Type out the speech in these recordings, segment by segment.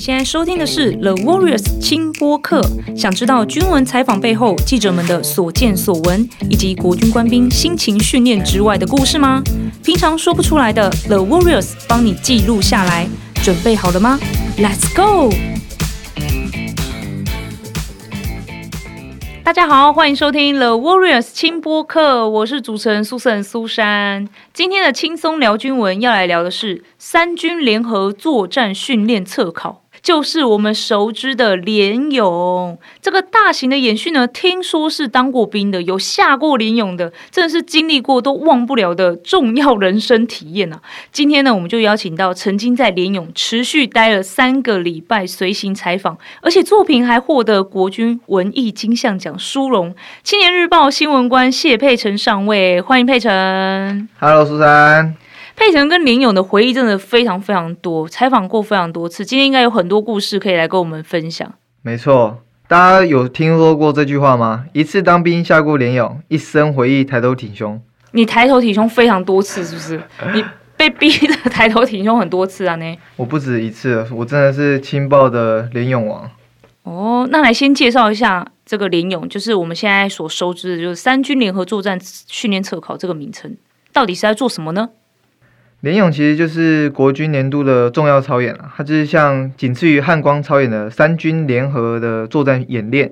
現在收聽的是《The Warriors》輕播客。想知道軍聞採訪背後記者們的所見所聞，以及國軍官兵辛勤訓練之外的故事嗎？平常說不出來的，《The Warriors》幫你記錄下來。準備好了嗎？Let's go！大家好，歡迎收聽《The Warriors》輕播客，我是主持人 Susan, Susan 蘇珊，今天的輕鬆聊軍聞要來聊的是三軍聯合作戰訓練測考。就是我們熟知的聯勇，這個大型的演訓呢，聽說是當過兵的，有下過聯勇的，真的是經歷過都忘不了的重要人生體驗吶、啊。今天呢，我們就邀請到曾經在聯勇持續待了三個禮拜隨行採訪，而且作品還獲得國軍文藝金像獎殊榮，《青年日報》新聞官謝沛宸上尉，歡迎沛宸 Hello，蘇珊。沛宸跟聯勇的回憶真的非常非常多，採訪過非常多次，今天應該有很多故事可以來跟我們分享。沒錯，大家有聽說過這句話嗎？一次當兵下過聯勇，一生回憶抬頭挺胸。你抬頭挺胸非常多次，是不是？ 你被逼的抬頭挺胸很多次啊？呢，我不止一次，我真的是青報的聯勇王。哦，那來先介紹一下這個聯勇，就是我們現在所熟知的，就是三軍聯合作戰訓練測考這個名稱，到底是在做什麼呢？聯勇其實就是國軍年度的重要操演了、啊，它就是像僅次於漢光操演的三軍聯合的作戰演練。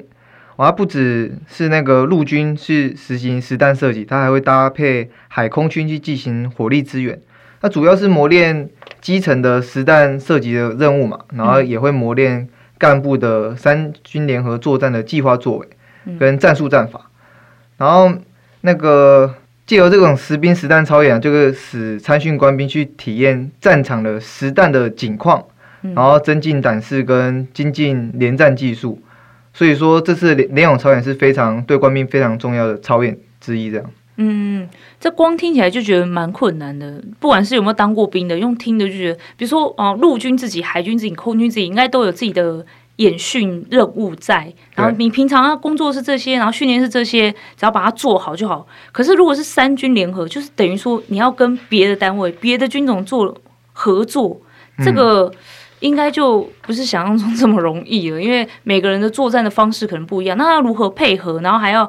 然後不只是那個陸軍去實行實彈射擊，它還會搭配海空軍去進行火力支援。它主要是磨練基層的實彈射擊的任務嘛，然後也會磨練幹部的三軍聯合作戰的計劃、作為跟戰術戰法。然後那個。借由這種實兵實彈操演、啊，就是使參訓官兵去體驗戰場的實彈的景況，嗯、然後增進膽識跟精進連戰技術。所以說，這次聯勇操演是非常對官兵非常重要的操演之一。這樣，嗯，這光聽起來就覺得蠻困難的。不管是有沒有當過兵的，用聽的就覺得，比如說，哦、呃，陸軍自己、海軍自己、空軍自己，應該都有自己的。演訓任務在，然後你平常啊工作是這些，然後訓練是這些，只要把它做好就好。可是如果是三軍聯合，就是等於說你要跟別的單位、別的軍種做合作，這個應該就不是想象中這麼容易了，因為每個人的作戰的方式可能不一樣，那要如何配合？然後還要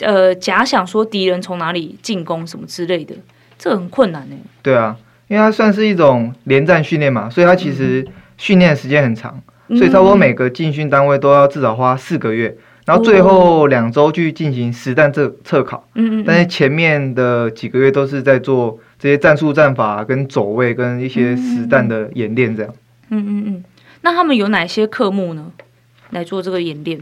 呃假想說敵人從哪裡進攻什麼之類的，這個很困難呢。對啊，因為它算是一種聯戰訓練嘛，所以它其實訓練的時間很長。所以，差不多每個進訓單位都要至少花四個月，然後最後兩周去進行實彈測測考。哦、嗯，嗯嗯。但是前面的幾個月都是在做這些戰術戰法、跟走位、跟一些實彈的演練這樣。嗯嗯嗯。那他們有哪些科目呢？來做這個演練？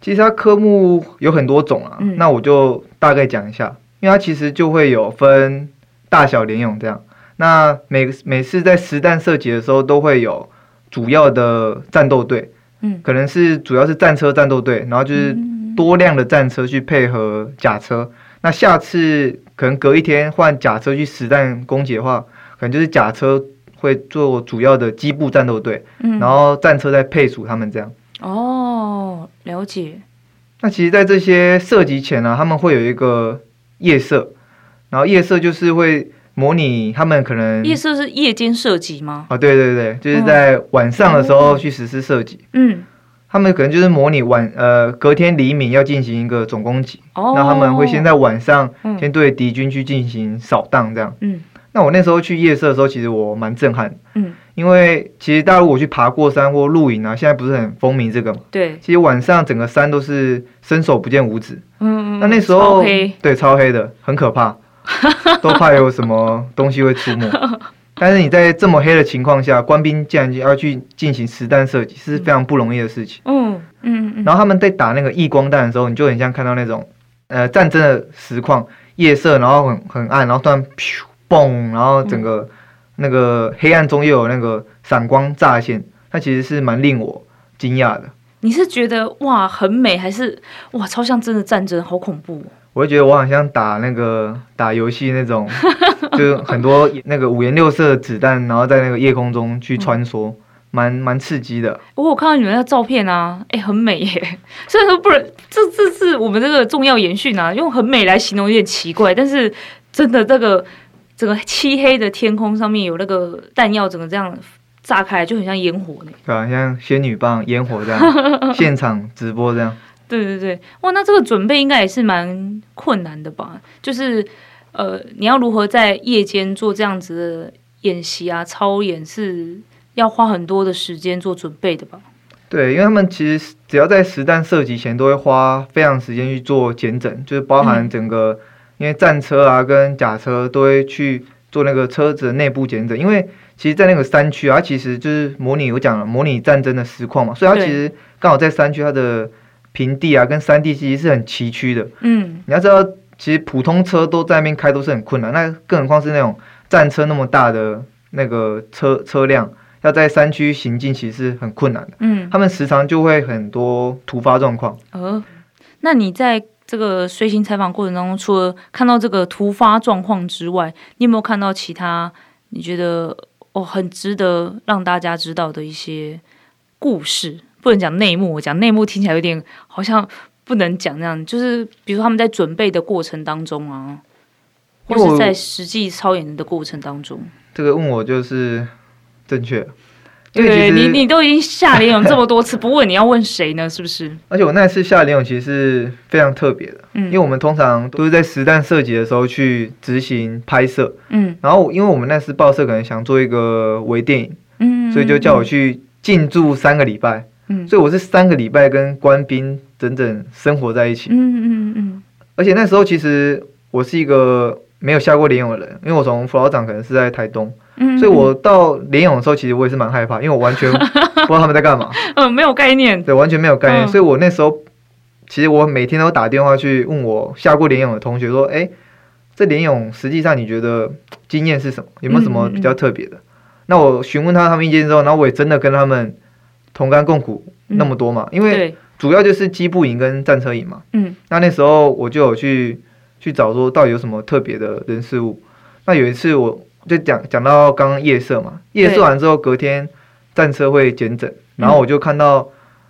其實它科目有很多種啊。那我就大概講一下，因為它其實就會有分大小聯勇這樣。那每每次在實彈射擊的時候都會有，主要的戰鬥隊，嗯，可能是主要是戰車戰鬥隊，然後就是多輛的戰車去配合甲車，嗯、那下次可能隔一天換甲車去實戰攻擊的話，可能就是甲車會做主要的機步戰鬥隊，嗯、然後戰車再配屬他們這樣。哦，了解。那其實，在這些射擊前呢、啊，他們會有一個夜射，然後夜射就是會。模擬他們可能夜色是夜間射擊嗎？啊、哦，對對對，就是在晚上的時候去實施射擊，嗯。嗯，他們可能就是模擬晚呃隔天黎明要進行一個總攻擊，那、哦、他們會先在晚上先對敵軍去進行掃蕩，這樣。嗯，那我那時候去夜色的時候，其實我蠻震撼。嗯，因為其實大陸我去爬過山或露營啊，現在不是很風靡這個嘛？對，其實晚上整個山都是伸手不見五指。嗯，那那時候超黑，對超黑的，很可怕。 都怕有什麼東西會出沒， 但是你在這麼黑的情況下，官兵竟然要去進行實彈射擊，是非常不容易的事情。嗯嗯，嗯然後他們在打那個曳光彈的時候，你就很像看到那種，呃，戰爭的實況，夜色，然後很很暗，然後突然砰，然後整個那個黑暗中又有那個閃光乍現，它其實是蠻令我驚訝的。你是覺得哇很美，還是哇超像真的戰爭，好恐怖？我就覺得我好像打那個打遊戲那種， 就很多那個五顏六色的子彈，然後在那個夜空中去穿梭，蠻蠻、嗯、刺激的。不過、哦、我看到你們那照片啊，哎、欸，很美耶、欸。雖然說不能，這這是我們這個重要演訓啊，用很美來形容有點奇怪，但是真的這個整個漆黑的天空上面有那個彈藥，整個這樣炸開，就很像煙火呢、欸。對啊，像仙女棒、煙火這樣， 現場直播這樣。對對對，哇，那這個準備應該也是蠻困難的吧？就是，呃，你要如何在夜間做這樣子的演習啊、操演，是要花很多的時間做準備的吧？對，因為他們其實只要在實彈射擊前，都會花非常時間去做檢整，就是包含整個，因為戰車啊跟甲車都會去做那個車子的內部檢整，因為其實，在那個山區啊，其實就是模擬我講了，模擬戰爭的實況嘛，所以它其實剛好在山區，它的。平地啊，跟山地其實是很崎嶇的。嗯，你要知道，其實普通車都在那邊開都是很困難，那更何況是那種戰車那麼大的那個車車輛，要在山區行進其實是很困難的。嗯，他們時常就會很多突發狀況。哦、呃，那你在這個隨行採訪過程當中，除了看到這個突發狀況之外，你有沒有看到其他你覺得哦很值得讓大家知道的一些故事？不能講內幕，我講內幕聽起來有點好像不能講那樣。就是比如說他們在準備的過程當中啊，或果是在實際操演的過程當中。這個問我就是正確，對，你你都已經下聯勇這麼多次，不問 你要問誰呢？是不是？而且我那次下聯勇其實是非常特別的，嗯，因為我們通常都是在實彈射擊的時候去執行拍攝，嗯，然後因為我們那次報社可能想做一個微電影，嗯，嗯，嗯，嗯，嗯，所以就叫我去進駐三個禮拜。所以我是三個禮拜跟官兵整整生活在一起。嗯嗯嗯嗯。而且那時候其實我是一個沒有下過聯勇的人，因為我從輔導長可能是在台東，所以我到聯勇的時候，其實我也是蠻害怕，因為我完全不知道他們在幹嘛。嗯，沒有概念。對，完全沒有概念。所以我那時候其實我每天都打電話去問我下過聯勇的同學，說：“哎，這聯勇實際上你覺得經驗是什麼？有沒有什麼比較特別的？”那我詢問他他們意見之後，然後我也真的跟他們。同甘共苦那麼多嘛，嗯、因為主要就是機步營跟戰車營嘛。嗯，那那時候我就有去去找說，到底有什麼特別的人事物。那有一次我就講講到剛剛夜射嘛，夜射完之後隔天戰車會檢整，對然後我就看到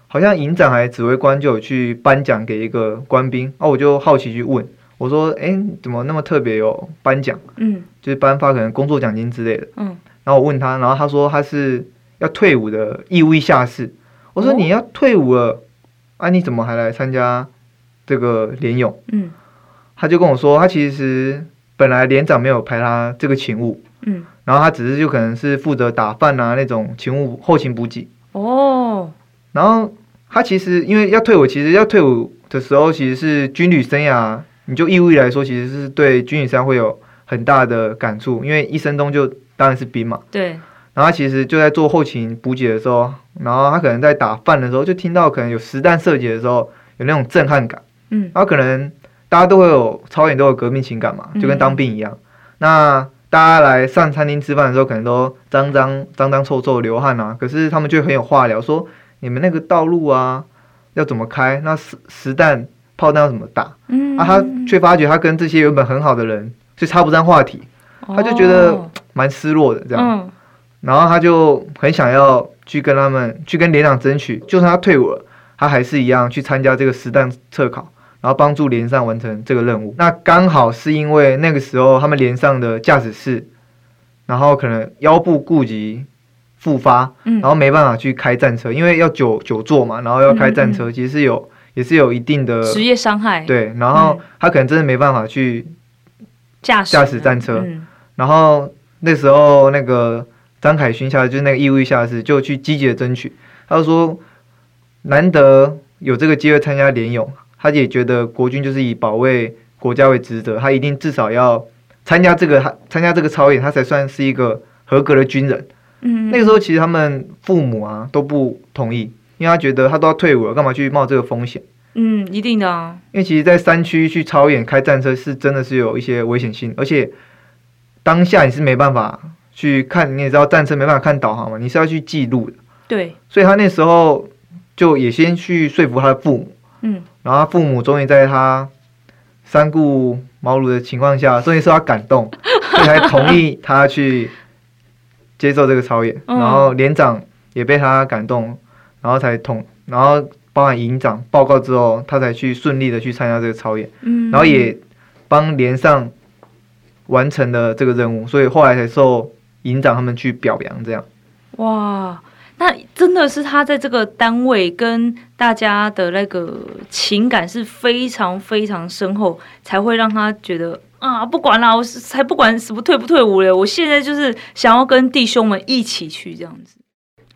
好像營長還是指揮官就有去頒獎給一個官兵，哦、嗯，然後我就好奇去問，我說，哎、欸，怎麼那麼特別有頒獎？嗯，就是頒發可能工作獎金之類的。嗯，然後我問他，然後他說他是。要退伍的義務役下士，我說，你要退伍了，哦，啊，你怎麼還來參加這個聯勇？嗯，他就跟我說，他其實本來連長沒有排他這個勤務，嗯，然後他只是就可能是負責打飯啊那種勤務後勤補給哦。然後他其實因為要退伍，其實要退伍的時候其實是軍旅生涯，你就義務役來說，其實是對軍旅生涯會有很大的感觸，因為一生中就當然是兵嘛。對。然後他其實就在做後勤補給的時候，然後他可能在打飯的時候，就聽到可能有實彈射擊的時候，有那種震撼感。嗯，然後可能大家都會有超遠都有革命情感嘛，就跟當兵一樣。嗯，那大家來上餐廳吃飯的時候，可能都髒髒髒臭臭流汗啊。可是他們就很有話聊，說你們那個道路啊要怎麼開，那實實彈炮彈要怎麼打？嗯啊，他卻發覺他跟這些原本很好的人就插不上話題，他就覺得蠻失落的這樣。哦嗯然後他就很想要去跟他們去跟連長爭取，就算他退伍了，他還是一樣去參加這個實彈測考，然後幫助連上完成這個任務。那剛好是因為那個時候他們連上的駕駛室，然後可能腰部舊疾復發，嗯、然後沒辦法去開戰車，因為要久久坐嘛，然後要開戰車，嗯嗯，其實是有也是有一定的職業傷害，對，然後他可能真的沒辦法去駕駕駛戰車，嗯、然後那時候那個。張凱勳下就是那個義務役下士，就去積極的爭取。他就說：“難得有這個機會參加聯勇，他也覺得國軍就是以保衛國家為職責，他一定至少要參加這個，他參加這個操演，他才算是一個合格的軍人。”嗯，那個時候其實他們父母啊都不同意，因為他覺得他都要退伍了，幹嘛去冒這個風險？嗯，一定的啊、哦，因為其實在山區去操演開戰車是真的是有一些危險性，而且當下你是沒辦法。去看你也知道，戰車沒辦法看導航嘛，你是要去記錄的。對，所以他那時候就也先去說服他的父母，嗯，然後他父母終於在他三顧茅廬的情況下，終於受到感動，所以才同意他去接受這個操演。 然後連長也被他感動，嗯、然後才同，然後包含營長報告之後，他才去順利的去參加這個操演。嗯，然後也幫連上完成了這個任務，所以後來才受。營長他們去表揚這樣，哇，那真的是他在這個單位跟大家的那個情感，是非常非常深厚，才會讓他覺得啊，不管了，啊，我是才不管什麼退不退伍了，我現在就是想要跟弟兄們一起去這樣子。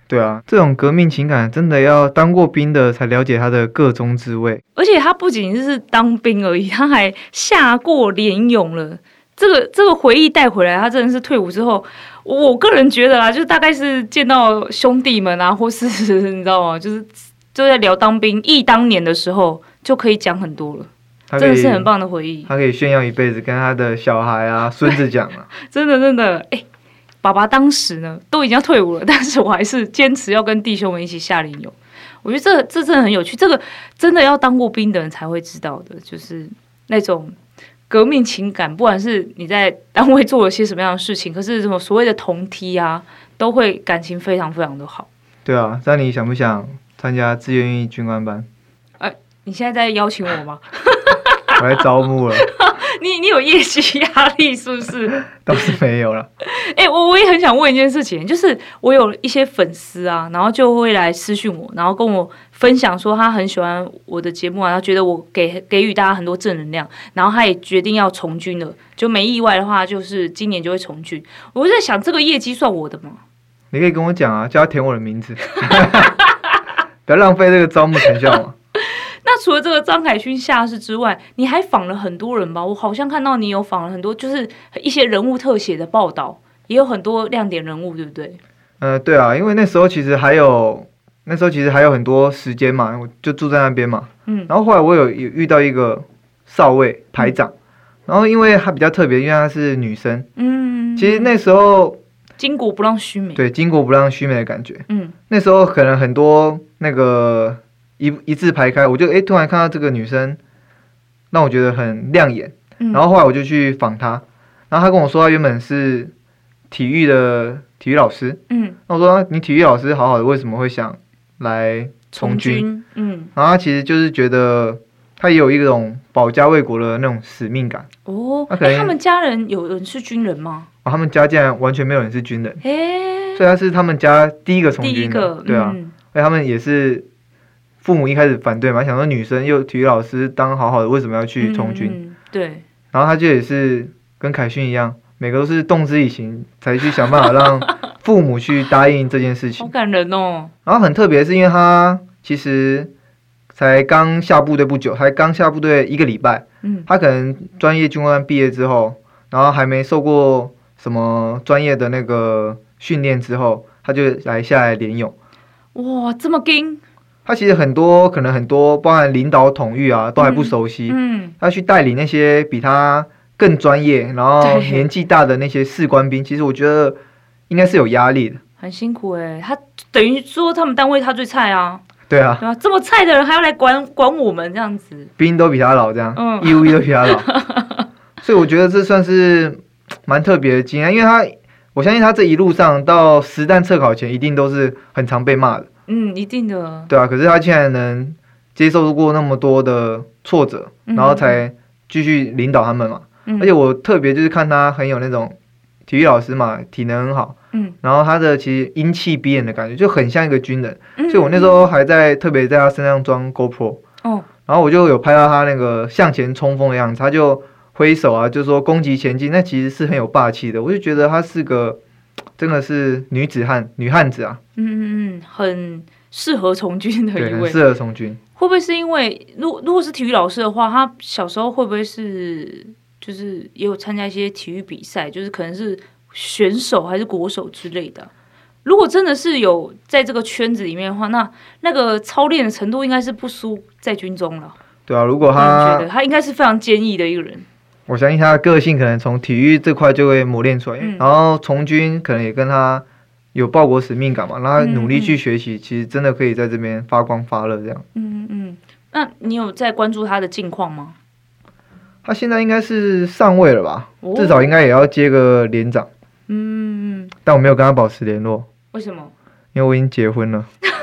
對啊，這種革命情感真的要當過兵的才了解他的個中滋味。而且他不僅只是當兵而已，他還下過聯勇了，這個這個回憶帶回來，他真的是退伍之後，我個人覺得啊，就是大概是見到兄弟們啊，或是你知道嗎？就是就在聊當兵憶當年的時候，就可以講很多了，他真的是很棒的回憶。他可以炫耀一輩子，跟他的小孩啊、孫子講啊，真的真的，哎、欸，爸爸當時呢都已經要退伍了，但是我還是堅持要跟弟兄們一起下聯勇。我覺得這這真的很有趣，這個真的要當過兵的人才會知道的，就是那種。革命情感，不管是你在單位做了些什麼樣的事情，可是什麼所謂的同梯啊，都會感情非常非常的好。對啊，那你想不想參加志願役軍官班？哎、呃，你現在在邀請我嗎？ 我來招募了。 有業績壓力是不是？ 倒是沒有了。哎，我我也很想問一件事情，就是我有一些粉絲啊，然後就會來私訊我，然後跟我分享說他很喜歡我的節目啊，他覺得我給給予大家很多正能量，然後他也決定要從軍了，就沒意外的話，就是今年就會從軍。我就在想這個業績算我的嗎？你可以跟我講啊，叫他填我的名字， 不要浪費這個招募成效嘛。 除了這個張凱勳下士之外，你還訪了很多人吧？我好像看到你有訪了很多，就是一些人物特寫的報道，也有很多亮點人物，對不對？嗯、呃，對啊，因為那時候其實還有，那時候其實還有很多時間嘛，我就住在那邊嘛。嗯，然後後來我有有遇到一個少尉排長，然後因為她比較特別，因為她是女生。嗯，其實那時候巾幗不讓鬚眉，對，巾幗不讓鬚眉的感覺。嗯，那時候可能很多那個。一一字排開，我就哎、欸、突然看到這個女生，讓我覺得很亮眼。嗯、然後後來我就去訪她，然後她跟我說，她原本是體育的體育老師。嗯，那我說、啊、你體育老師好好的，為什麼會想來從軍？從軍，嗯，然後她其實就是覺得她也有一種保家衛國的那種使命感。哦，那、欸、他們家人有人是軍人嗎？哦、他們家竟然完全沒有人是軍人，哎、欸，所以她是他們家第一個從軍的，對啊，而且他們也是。父母一開始反對嘛，想說女生又體育老師當好好的，為什麼要去從軍，嗯嗯。對，然後他就也是跟凱勳一樣，每個都是動之以情，才去想辦法讓父母去答應這件事情。 好感人哦！然後很特別是，因為他其實才剛下部隊不久，才剛下部隊一個禮拜。嗯、他可能專業軍官畢業之後，然後還沒受過什麼專業的那個訓練之後，他就來下來聯勇。哇，這麼硬！他其實很多可能很多，包含領導統御啊，都還不熟悉。嗯，嗯他去帶領那些比他更專業，然後年紀大的那些士官兵，對其實我覺得應該是有壓力的。很辛苦哎，欸，他等於說他們單位他最菜啊。對啊。對啊，這麼菜的人還要來管管我們這樣子。兵都比他老這樣，義務役都比他老。 所以我覺得這算是蠻特別的經驗，因為他我相信他這一路上到實彈測考前，一定都是很常被罵的。嗯，一定的。對啊，可是他竟然能接受過那麼多的挫折，嗯、哼然後才繼續領導他們嘛。嗯、哼而且我特別就是看他很有那種體育老師嘛，體能很好。嗯。然後他的其實英氣逼人的感覺，就很像一個軍人。嗯、所以我那時候還在、嗯、特別在他身上裝 GoPro。哦。然後我就有拍到他那個向前衝鋒的樣子，他就揮手啊，就說攻擊前進，那其實是很有霸氣的。我就覺得他是個。真的是女子漢、女漢子啊！嗯嗯嗯，很適合從軍的一位，很適合從軍。會不會是因為，如果如果是體育老師的話，他小時候會不會是就是也有參加一些體育比賽，就是可能是選手還是國手之類的？如果真的是有在這個圈子裡面的話，那那個操練的程度應該是不輸在軍中了。對啊，如果他、嗯、覺得他應該是非常堅毅的一個人。我相信他的個性可能從體育這塊就會磨練出來，嗯、然後從軍可能也跟他有報國使命感嘛，然後努力去學習，嗯、其實真的可以在這邊發光發熱這樣。嗯嗯，那你有在關注他的近況嗎？他現在應該是上尉了吧，哦、至少應該也要接個連長。嗯，但我沒有跟他保持聯絡。為什麼？因為我已經結婚了。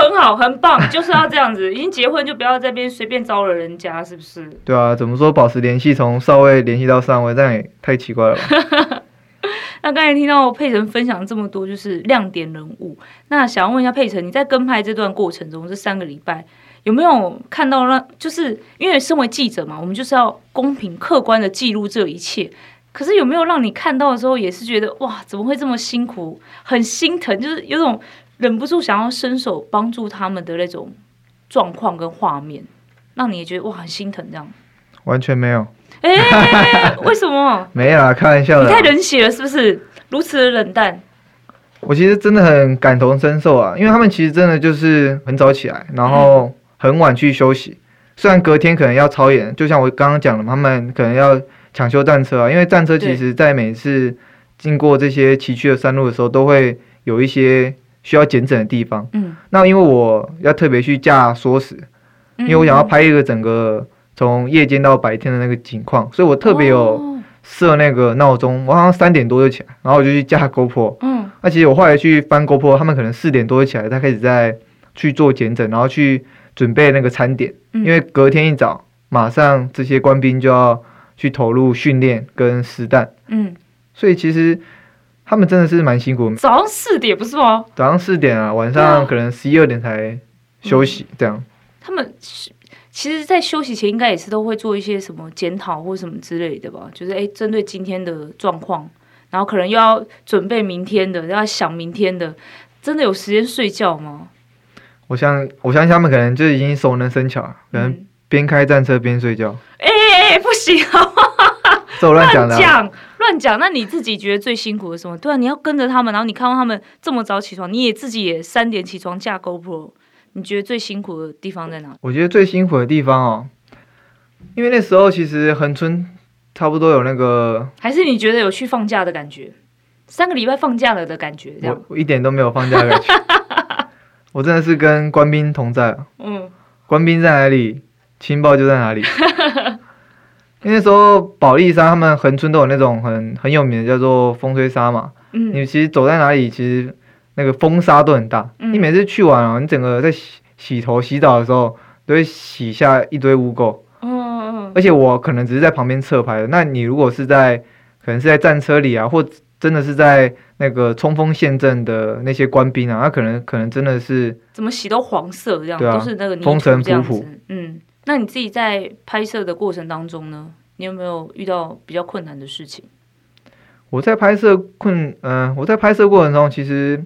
很好，很棒，就是要這樣子。 已經結婚就不要在這邊隨便招惹人家，是不是？對啊，怎麼說保持聯繫？從少尉聯繫到上尉，但也太奇怪了吧。 那剛才聽到我沛宸分享這麼多，就是亮點人物。那想要問一下沛宸，你在跟拍這段過程中，這三個禮拜有沒有看到，讓就是因為身為記者嘛，我們就是要公平客觀的記錄這一切。可是有沒有讓你看到的時候，也是覺得哇，怎麼會這麼辛苦，很心疼，就是有種。忍不住想要伸手幫助他們的那種狀況跟畫面，讓你也覺得哇，很心疼這樣，完全沒有、欸。哎、欸欸欸，為什麼？沒有，開玩笑。你太冷血了是不是？如此的冷淡。我其實真的很感同身受啊，因為他們其實真的就是很早起來，然後很晚去休息。嗯、雖然隔天可能要操演，就像我剛剛講的，他們可能要搶修戰車啊，因為戰車其實在每次經過這些崎嶇的山路的時候，對都會有一些。需要檢診的地方，嗯，那因為我要特別去架縮時，嗯嗯，因為我想要拍一個整個從夜間到白天的那個景況，所以我特別有設那個鬧鐘，哦、我好像三點多就起來，然後我就去架 GoPro，嗯，那其實我後來去翻 GoPro，他們可能四點多就起來，他開始在去做檢診，然後去準備那個餐點，嗯、因為隔天一早馬上這些官兵就要去投入訓練跟實彈，嗯，所以其實。他們真的是蠻辛苦的，早上四點不是嗎？早上四點啊，晚上可能十一二點才休息，嗯、這樣。他們其實，在休息前應該也是都會做一些什麼檢討或什麼之類的吧？就是哎，欸、針對今天的狀況，然後可能又要準備明天的，又要想明天的，真的有時間睡覺嗎？我相我相信他們可能就已經熟能生巧了，嗯、可能邊開戰車邊睡覺。哎哎、欸欸欸，不行，走、啊、亂講。講，那你自己覺得最辛苦的是什麼？對啊，你要跟着他們，然後你看到他們這麼早起床，你也自己也三點起床架 GoPro，你覺得最辛苦的地方在哪？我覺得最辛苦的地方哦，因為那時候其實恆春差不多有那個，還是你覺得有去放假的感覺？三個禮拜放假了的感覺？我，我一點都沒有放假的感覺， 我真的是跟官兵同在。嗯，官兵在哪裡，情報就在哪裡。 那時候，寶利沙，他們橫村都有那種很很有名的，叫做風吹沙嘛。嗯，你其實走在哪裡，其實那個風沙都很大。嗯，你每次去完啊、喔，你整個在洗洗頭、洗澡的時候，都會洗下一堆污垢。嗯、哦哦哦、而且我可能只是在旁邊側拍的，那你如果是在，可能是在戰車裡啊，或真的是在那個衝鋒陷陣的那些官兵啊，他、啊、可能可能真的是怎麼洗都黃色這樣，啊、都是那個泥土風塵僕僕。嗯。那你自己在拍攝的過程當中呢，你有沒有遇到比較困難的事情？我在拍攝困，嗯、呃，我在拍攝過程中，其實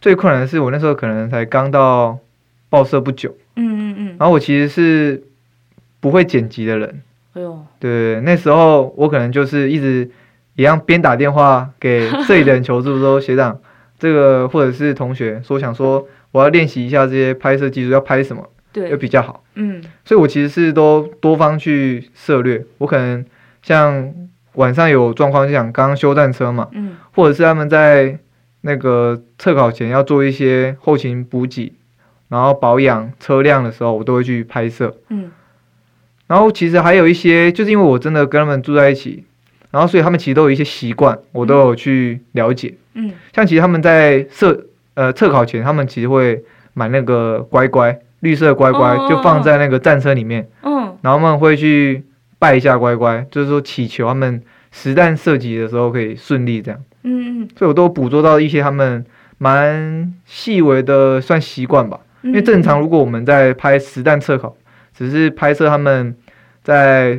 最困難的是，我那時候可能才剛到報社不久，嗯嗯嗯，然後我其實是不會剪輯的人，哎呦，對，那時候我可能就是一直一樣邊打電話給這一的求助， 說學長，這個或者是同學說想說我要練習一下這些拍攝技術，要拍什麼。對，比較好，嗯，所以我其實是都多方去涉獵，我可能像晚上有狀況，就像剛修戰車嘛，嗯，或者是他們在那個測考前要做一些後勤補給，然後保養車輛的時候，我都會去拍攝，嗯，然後其實還有一些，就是因為我真的跟他們住在一起，然後所以他們其實都有一些習慣，我都有去了解，嗯，像其實他們在測呃測考前，他們其實會買那個乖乖。綠色乖乖就放在那個戰車裡面，嗯、哦，哦、然後他們會去拜一下乖乖，就是說祈求他們實彈射擊的時候可以順利這樣，嗯嗯，所以我都捕捉到一些他們蠻細微的算習慣吧，嗯、因為正常如果我們在拍實彈測考，只是拍攝他們在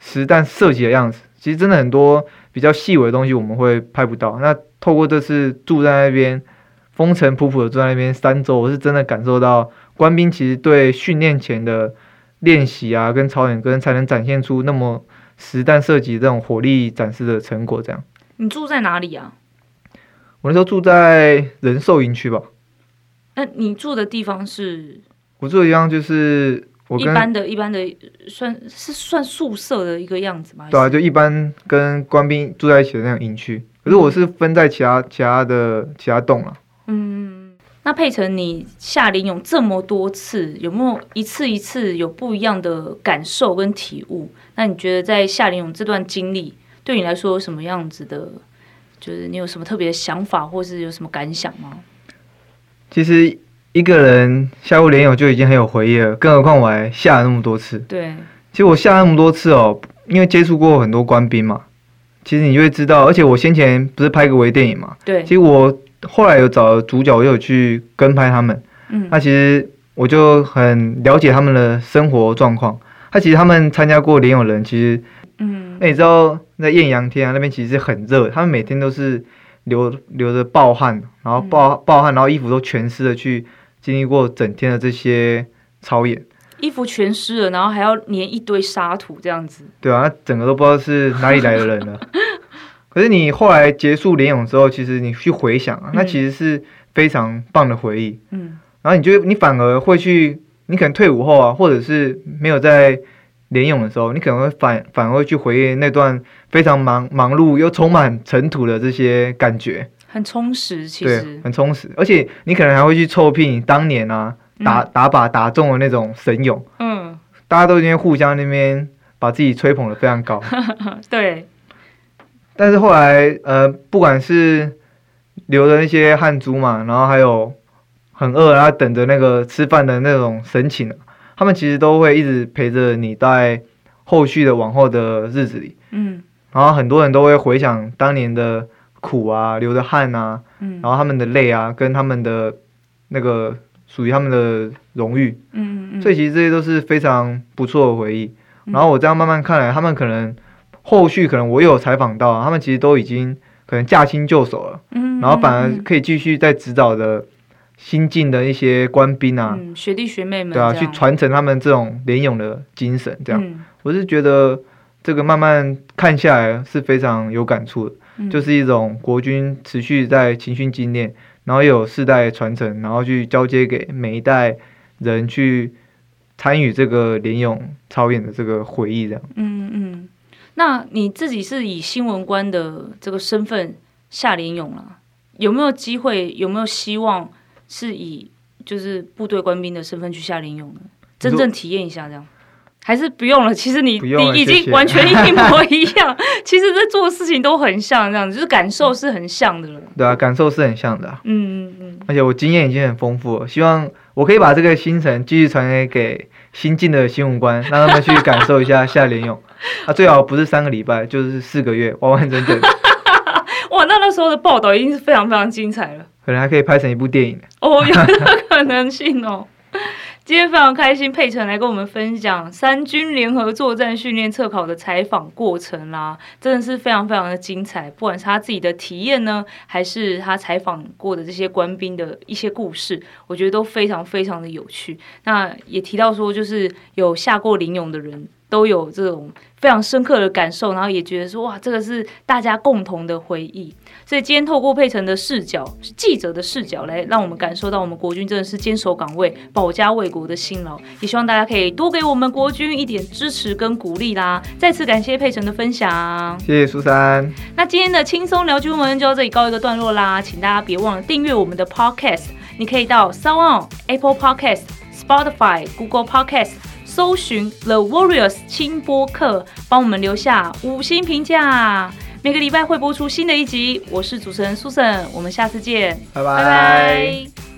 實彈射擊的樣子，其實真的很多比較細微的東西我們會拍不到。那透過這次住在那邊風塵僕僕的住在那邊三週，我是真的感受到。官兵其實對訓練前的練習啊，跟操演跟才能展現出那麼實彈射擊的這種火力展示的成果。這樣。你住在哪裡啊？我那時候住在仁壽營區吧。那、啊、你住的地方是？我住的地方就是我跟一般的一般的，算是算宿舍的一個樣子吧。對啊，就一般跟官兵住在一起的那種營區。可是我是分在其他、嗯、其他的其他棟了、啊。嗯。那沛宸，你下聯勇這麼多次，有沒有一次一次有不一樣的感受跟體悟？那你覺得在下聯勇這段經歷，對你來說有什麼樣子的？就是你有什麼特別的想法，或是有什麼感想嗎？其實一個人下過聯勇就已經很有回憶了，更何況我還下了那麼多次。對，其實我下那麼多次哦，因為接觸過很多官兵嘛，其實你就會知道。而且我先前不是拍過微電影嘛？對，其實我。後來有找主角，又有去跟拍他們。嗯，那、啊、其實我就很了解他們的生活狀況。他、啊、其實他們參加過「聯勇」，其實，嗯，那、欸、你知道在豔陽天啊，那邊其實是很熱，他們每天都是流流着暴汗，然後暴暴、嗯、汗，然後衣服都全濕的去經歷過整天的這些操演。衣服全濕了，然後還要粘一堆沙土這樣子。對啊，那整個都不知道是哪裡來的人了、啊。 可是你後來結束聯勇之後，其實你去回想啊，嗯、那其實是非常棒的回憶。嗯。然後你就你反而會去，你可能退伍後啊，或者是沒有在聯勇的時候，你可能會反反而會去回憶那段非常忙忙碌又充滿塵土的這些感覺。很充實，其實。很充實，而且你可能還會去臭屁你當年啊打、嗯、打靶打中的那種神勇。嗯。大家都因為互相那邊把自己吹捧得非常高。 對。但是後來，呃，不管是流的那些汗珠嘛，然後還有很餓，然後等着那個吃飯的那種神情，他們其實都會一直陪着你，在後續的往後的日子裡，嗯，然後很多人都會回想當年的苦啊，流的汗啊，嗯，然後他們的淚啊，跟他們的那個屬於他們的榮譽，嗯，嗯嗯，所以其實這些都是非常不錯的回憶。然後我這樣慢慢看來，他們可能。後續可能我又有採訪到，他們其實都已經可能駕輕就熟了，嗯、然後反而可以繼續在指導的、嗯、新進的一些官兵啊，嗯、學弟學妹們，對啊，樣去傳承他們這種聯勇的精神，這樣，嗯、我是覺得這個慢慢看下來是非常有感觸的，嗯、就是一種國軍持續在勤訓精練，嗯、然後又有世代傳承，然後去交接給每一代人去參與這個聯勇操演的這個回憶，這樣，嗯嗯。嗯那你自己是以新聞官的這個身份下聯勇了，有沒有機會？有沒有希望是以就是部隊官兵的身份去下聯勇呢？真正體驗一下這樣。還是不用了。其實你你已經完全一模一樣。謝謝 其實這做事情都很像，這樣子就是感受是很像的了。對啊，感受是很像的啊。嗯嗯嗯。而且我經驗已經很豐富了，希望我可以把這個行程繼續傳給給新進的新聞官，讓他們去感受一下下聯勇。 啊，最好不是三個禮拜，就是四個月，完完整整。 哇，那那時候的報道已經是非常非常精彩了。可能還可以拍成一部電影。哦，有這個可能性哦。 今天非常開心，沛宸來跟我們分享三軍聯合作戰訓練測考的採訪過程啦、啊,真的是非常非常的精彩。不管是他自己的體驗呢，還是他採訪過的這些官兵的一些故事，我覺得都非常非常的有趣。那也提到說，就是有下過聯勇的人。都有這種非常深刻的感受，然後也覺得說，哇，這個是大家共同的回憶。所以今天透過沛宸的視角，是記者的視角，來讓我們感受到我們國軍真的是堅守崗位、保家衛國的辛勞。也希望大家可以多給我們國軍一點支持跟鼓勵啦。再次感謝沛宸的分享，謝謝蘇珊。那今天的輕鬆聊軍聞就到這裡告一個段落啦，請大家別忘了訂閱我們的 Podcast，你可以到 SoundOn、Apple Podcast、Spotify、Google Podcast。搜尋 The Warriors 輕播客，幫我們留下五星評價。每個禮拜會播出新的一集。我是主持人 Susan，我們下次見，拜拜 bye。Bye bye